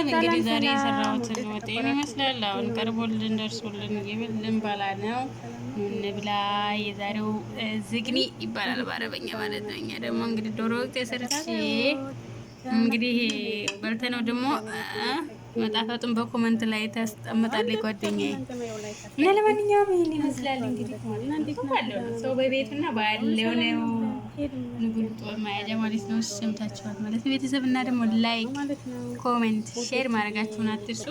ይመስላል እንግዲህ ዛሬ የሰራሁትን ወጥ ይመስላል። አሁን ቀርቦልን ደርሶልን ልንበላ ነው። እንብላ። የዛሬው ዝግኒ ይባላል በአረበኛ ማለት ነው። እኛ ደግሞ እንግዲህ ዶሮ ወቅት የሰርች እንግዲህ በልተ ነው ደግሞ መጣፈጡን በኮመንት ላይ ታስቀምጣለች ጓደኛ። እና ለማንኛውም ይህን ይመስላል እንግዲህ ሰው በቤቱና ባለው ነው መያዣ ማለት ነው። ሰምታችኋል ማለት ነው ቤተሰብ እና ደግሞ ላይክ፣ ኮሜንት፣ ሼር ማድረጋችሁን አትርሱ።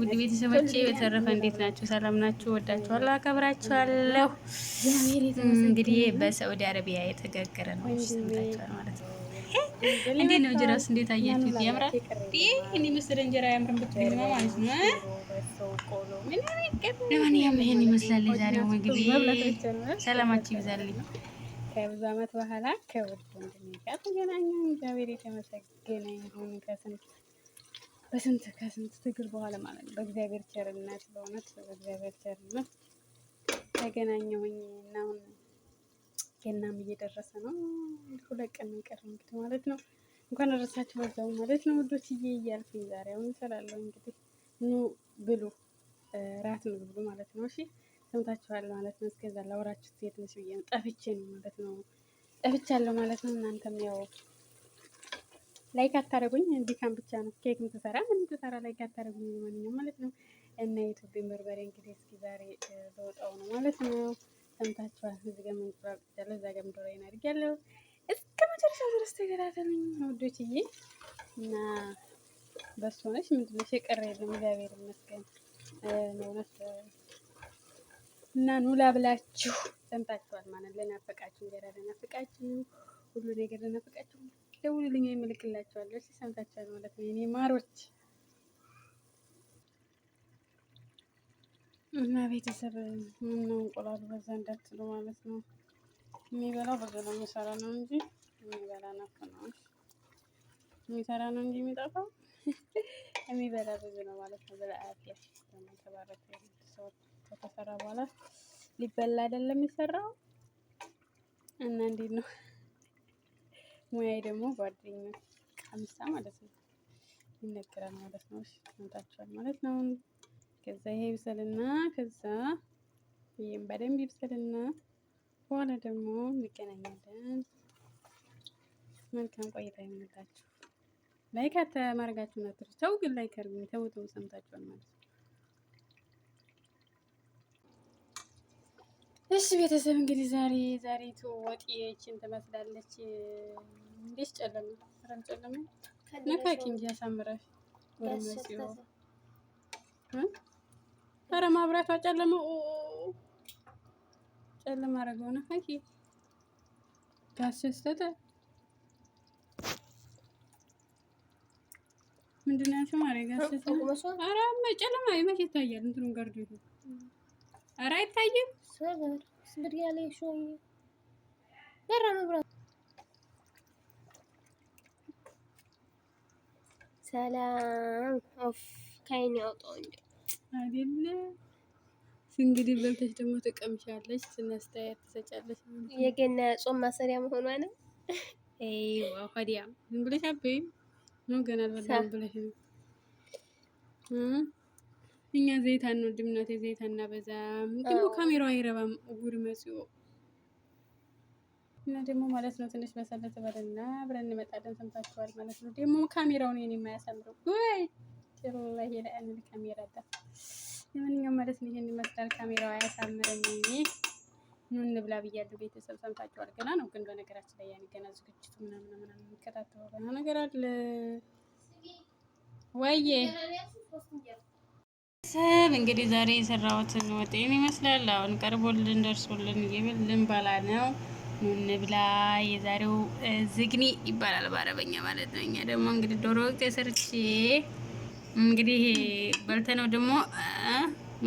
ውድ ቤተሰቦች በተረፈ እንዴት ናችሁ? ሰላም ናችሁ? ወዳችኋለሁ፣ አከብራችኋለሁ። እንግዲህ በሳዑዲ አረቢያ የተጋገረ ነው ሰምታችኋል ማለት ነው። እንዴት ነው ጅራስ? እንዴት አያችሁት? ያምራል። ይህን የመሰለ እንጀራ ያምርን ብትልማ ማለት ነው። ለማንኛውም ይህን ይመስላል የዛሬው ምግብ። ሰላማችሁ ይብዛልኝ። ከብዙ ዓመት በኋላ ከውድ ወንድሜ ጋር ተገናኘን። እግዚአብሔር የተመሰገነ ይሁን። ከስንት በስንት ከስንት ትግል በኋላ ማለት ነው። በእግዚአብሔር ቸርነት በእውነት በእግዚአብሔር ቸርነት ተገናኘሁኝ እና አሁን ገናም እየደረሰ ነው። ሁለት ቀን ይቀር እንግዲህ ማለት ነው። እንኳን አደረሳችሁ በዛው ማለት ነው። ወዶችዬ እያልኩኝ ዛሬ አሁን እሰራለሁ እንግዲህ ኑ ብሉ፣ ራት ነው ብሉ ማለት ነው። እሺ ሰምታችኋል ማለት ነው። እስከዛ ላውራችሁ ሴት ነች ብዬ ነው ጠፍቼ ነው ማለት ነው ጠፍቻለሁ ማለት ነው። እናንተም ያው ላይክ አታደርጉኝ ቢካም ብቻ ነው ኬክ ምትሰራ ምን ትሰራ ላይክ አታደርጉኝ ማንኛውም ማለት ነው። እና የኢትዮጵያ በርበሬ እንግዲህ እስኪ ዛሬ በወጣው ነው ማለት ነው። ሰምታችኋል። እዚህ ጋር መንቁራል ብቻለሁ፣ እዛ ጋር ምድሮ ይናድግ ያለው እስከ መጨረሻ ድረስ ተገዳደሉኝ ወዶችዬ እና በሱ ሆነች ምንድነሽ የቀረ የለም እግዚአብሔር ይመስገን እውነት እና ኑላ ብላችሁ ሰምታችኋል ማለት ለናፈቃችሁ እንጀራ ለናፈቃችሁ ሁሉ ነገር ለናፈቃችሁ ደውሉልኝ እልክላችኋለሁ። እሺ ሰምታችኋል ማለት ነው የኔ ማሮች እና ቤተሰብ ምን ነው እንቁላሉ በዛ እንዳትሉ ማለት ነው። የሚበላው በዛ ነው የሚሰራ ነው እንጂ የሚበላ ናፍ ነው የሚሰራ ነው እንጂ የሚጠፋው የሚበላ ብዙ ነው ማለት ነው። በለአፊያ ተባረክ ሰዎች ከተሰራ በኋላ ሊበላ አይደለም የሚሰራው እና እንዴት ነው ሙያዬ ደግሞ ጓደኛ ቀምሳ ማለት ነው ይነገራል ማለት ነው። ሰምታችኋል ማለት ነው። ከዛ ይሄ ይብሰልና ከዛ ይህም በደንብ ይብሰልና በኋላ ደግሞ እንገናኛለን። መልካም ቆይታ ይሆንላችሁ። ላይክ አታማርጋችሁ ናቸው። ሰው ግን ላይክ አድርጉኝ። ተውጡ ሰምታችኋል ማለት ነው። እሺ ቤተሰብ እንግዲህ ዛሬ ዛሬ ትወጥ ይችን ትመስላለች። እንዴት ጨለም ረም ጨለም ነካኪ እንጂ ያሳምረሽ ወርመስዮ ኧረ ማብራቷ ጨለመ ጨለም አረገው ነካኪ ጋስስተተ ምንድን ነው ያልሽው? ማርያም ጋስስተተ አረ ጨለማ መቼ ይታያል? እንትኑን ገርዶ ይሁን ኧረ አይታይም። ስብር ያለ ሾይ በራ መብራት ሰላም ኦፍ ከአይን ያውጣው እንጂ አይደለም። እንግዲህ በልተሽ ደግሞ ትቀምሻለሽ፣ ስናስተያየት ትሰጫለሽ። የገና ጾም ማሰሪያ መሆኗ ነው። ይዋ ከዲያ ዝም ብለሽ አበይም ነው ገና አልበላም ብለሽ ነው እኛ ዘይት አንወድም እናቴ፣ ዘይት አናበዛም። ደግሞ ካሜራው አይረባም። ጉድ መጽዮ እና ደግሞ ማለት ነው ትንሽ መሰለት በልና ብረን እንመጣለን። ሰምታችኋል ማለት ነው። ደግሞ ካሜራውን የኔ የማያሳምረው ወይ ጥሩ ላይ ሄደ አንል ካሜራ ዳ ለማንኛውም ማለት ነው ይሄን ይመስላል። ካሜራው አያሳምረኝ ምን እንብላ ብያለሁ። ቤተሰብ ሰምታችኋል። ገና ነው ግን በነገራችን ላይ ያን ገና ዝግጅቱ ምናምን ምናምን የሚከታተለው ነገር አለ ወይዬ ቤተሰብ እንግዲህ ዛሬ የሰራሁትን ወጤን ይመስላል። አሁን ቀርቦልን ደርሶልን የብልን ባላ ነው ንብላ። የዛሬው ዝግኒ ይባላል በአረበኛ ማለት ነው። እኛ ደግሞ እንግዲህ ዶሮ ወቅት የሰርቼ እንግዲህ በልተ ነው ደግሞ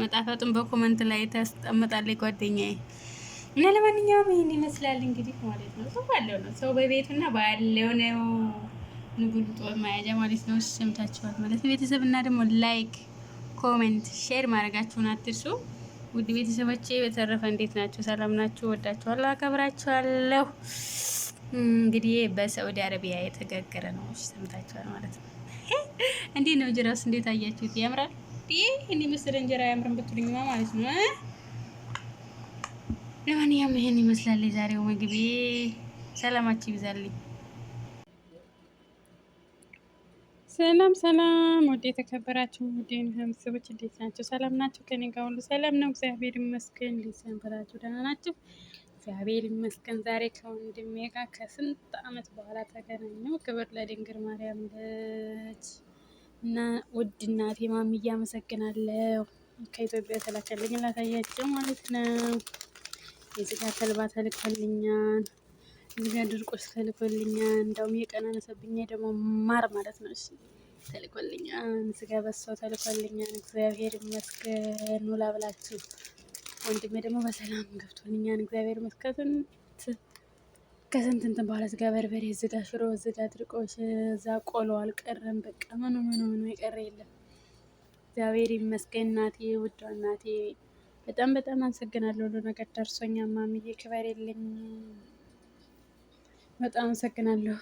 መጣፈጡን በኮመንት ላይ ታስቀምጣለች ጓደኛዬ እና ለማንኛውም ይህን ይመስላል እንግዲህ ማለት ነው። ሰው ባለው ነው ሰው በቤቱና ባለው ነው ንጉድ ጦር መያዣ ማለት ነው። ሰምታችኋል ማለት ነው ቤተሰብ እና ደግሞ ላይክ ኮሜንት፣ ሼር ማድረጋችሁን አትርሱ። ውድ ቤተሰቦቼ በተረፈ እንዴት ናችሁ? ሰላም ናችሁ? ወዳችኋለሁ፣ አከብራችኋለሁ። እንግዲህ በሳዑዲ አረቢያ የተጋገረ ነው። ሰምታችኋል ማለት ነው። እንዴት ነው እንጀራስ? እንዴት አያችሁት? ያምራል። ይህን የመሰለ እንጀራ አያምርም ብትሉኝማ ማለት ነው። ለማንኛውም ይህን ይመስላል የዛሬው ምግቤ። ሰላማችሁ ይብዛልኝ። ሰላም ሰላም ውድ የተከበራችሁ ውዴን ህምስቦች እንዴት ናቸው? ሰላም ናቸው? ከኔ ጋር ሁሉ ሰላም ነው፣ እግዚአብሔር ይመስገን። እንዴት ሰንበራችሁ? ደህና ናቸው? እግዚአብሔር ይመስገን። ዛሬ ከወንድሜ ጋር ከስንት አመት በኋላ ተገናኘው። ክብር ለድንግል ማርያም ልጅ እና ውድ እናቴ ማሚ እያመሰግናለሁ። ከኢትዮጵያ ተላከልኝ ላሳያቸው ማለት ነው። የስጋ ተልባ እዚህ ድርቆሽ ተልኮልኛ እንደውም የቀናነሰብኝ ደግሞ ማር ማለት ነው። እሺ ተልኮልኛ ስጋ በሰው ተልኮልኛ እግዚአብሔር ይመስገን። ኑላ ብላችሁ ወንድሜ ደግሞ በሰላም ገብቶልኛን እግዚአብሔር ይመስገን። ከስንት እንትን በኋላ ስጋ በርበሬ፣ ዝጋ ሽሮ፣ ዝጋ ድርቆሽ፣ እዛ ቆሎ አልቀረም። በቃ ምኑ ምኑ ምኑ የቀረ የለም። እግዚአብሔር ይመስገን። እናቴ ውዷ እናቴ በጣም በጣም አመሰግናለሁ። ሁሉ ነገር ደርሶኛ ማምዬ ክበር የለኝ በጣም አመሰግናለሁ።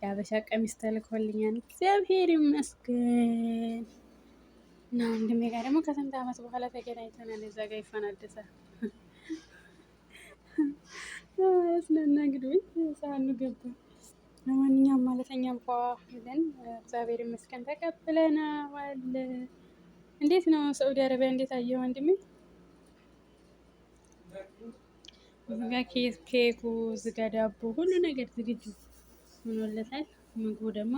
የሀበሻ ቀሚስ ተልኮልኛል፣ እግዚአብሔር ይመስገን። እና ወንድሜ ጋር ደግሞ ከስንት አመት በኋላ ተገናኝተናል። እዛ ጋር ይፈናደሰ ያስነና እንግዲህ ሰዓኑ ገባ። ለማንኛውም ማለተኛ እንኳ ብለን እግዚአብሔር ይመስገን ተቀብለናል። እንዴት ነው ሰዑዲ አረቢያ? እንዴት አየህ ወንድሜ? እዚህ ኬኩ፣ እዚህ ዳቦ፣ ሁሉ ነገር ዝግጁ ሆኖለታል። ምግቡ ደግሞ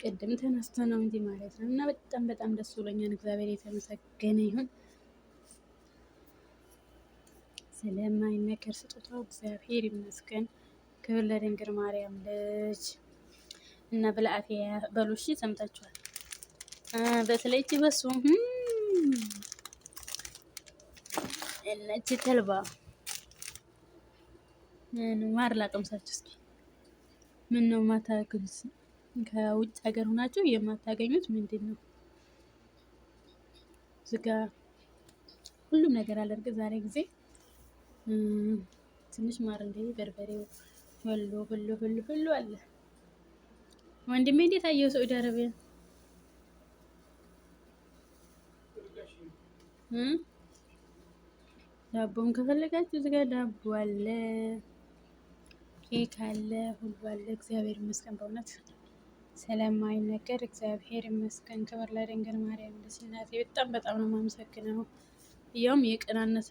ቅድም ተነስቶ ነው እንጂ ማለት ነው። እና በጣም በጣም ደስ ብሎኛል። እግዚአብሔር የተመሰገነ ይሁን ስለማይነገር ስጦታው እግዚአብሔር ይመስገን። ክብር ለድንግል ማርያም ልጅ እና ብልአፊያ በሉሺ ሰምታችኋል። በተለይ በሱ እቺ ተልባ ማር ላቀምሳችሁ እስኪ። ምን ነው ማታ ከውጭ ሀገር ሆናችሁ የማታገኙት ምንድን ነው? ስጋ ሁሉም ነገር አለርግ። ዛሬ ጊዜ ትንሽ ማር እንደ በርበሬው ሁሉ ሁሉ ሁሉ ሁሉ አለ። ወንድሜ እንዴት አየው ሳዑዲ አረቢያ ዳቦም ከፈለጋችሁ እዚህ ዳቦ አለ። ካለ ሁሉ አለ። እግዚአብሔር ይመስገን። በእውነት ስለማይነገር እግዚአብሔር ይመስገን። ክብር ለድንግል ማርያም እናቴ። በጣም በጣም ነው የማመሰግነው። ያውም የቀናነሰ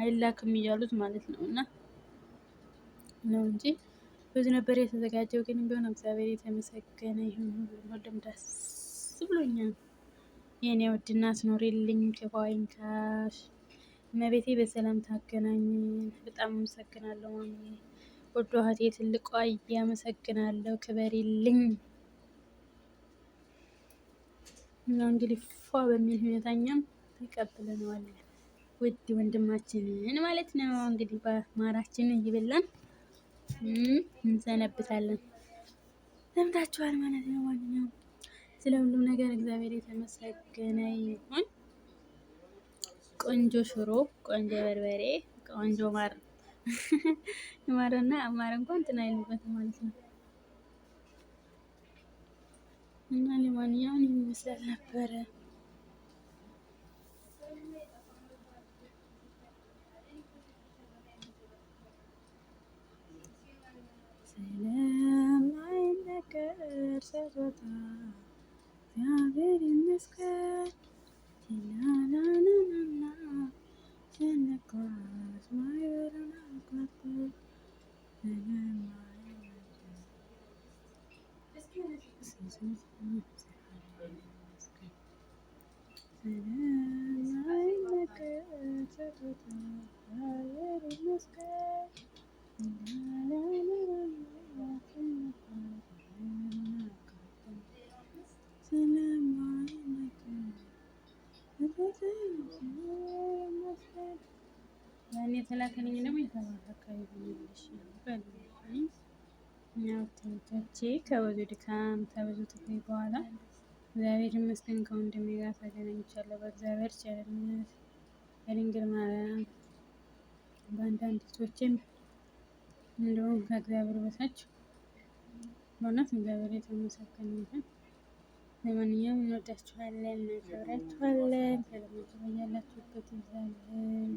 አይላክም እያሉት ማለት ነው እና ነው እንጂ ብዙ ነበር የተዘጋጀው፣ ግን ቢሆን እግዚአብሔር የተመሰገነ ይሁን። ሁሉም ሁሉም ደስ ብሎኛል። የእኔ ውድ ስኖሪልኝ ኖሪልኝ፣ ካሽ እመቤቴ በሰላም ታገናኝ። በጣም አመሰግናለሁ ማሚ ውድ እህቴ ትልቋ እያመሰግናለሁ፣ ክበሪልኝ። እና እንግዲህ ፏ በሚል ሁኔታ እኛም ተቀብለነዋል ውድ ወንድማችንን ማለት ነው። እንግዲህ በማራችንን ይብላን እንሰነብታለን። ለምታችኋል ማለት ነው። ዋናው ስለ ሁሉም ነገር እግዚአብሔር የተመሰገነ ይሁን። ቆንጆ ሽሮ፣ ቆንጆ በርበሬ፣ ቆንጆ ማር አማረና አማረ እንኳን እንትን አይልበትም ማለት ነው። እና ለማንኛውም ይመስላል ነበረ ሰላም አይነገር ሰጥታ እግዚአብሔር ይመስገን። ያኔ የተላከልኝ ደግሞ የተባረከ ይሁንልሽ በልኝ። እኛ ወጣቶቼ ከብዙ ድካም ከብዙ ትግል በኋላ እግዚአብሔር ይመስገን ከወንድሜ ጋር ተገናኝቻለሁ። በእግዚአብሔር ቸርነት በድንግል ማርያም በአንዳንድ ሰዎችም እንዲሁም ከእግዚአብሔር በታች በእውነት እግዚአብሔር የተመሰገነ ይሁን። ለማንኛውም እንወዳችኋለን፣ እናከብራችኋለን። ከደሞች በያላችሁበት ይዛለን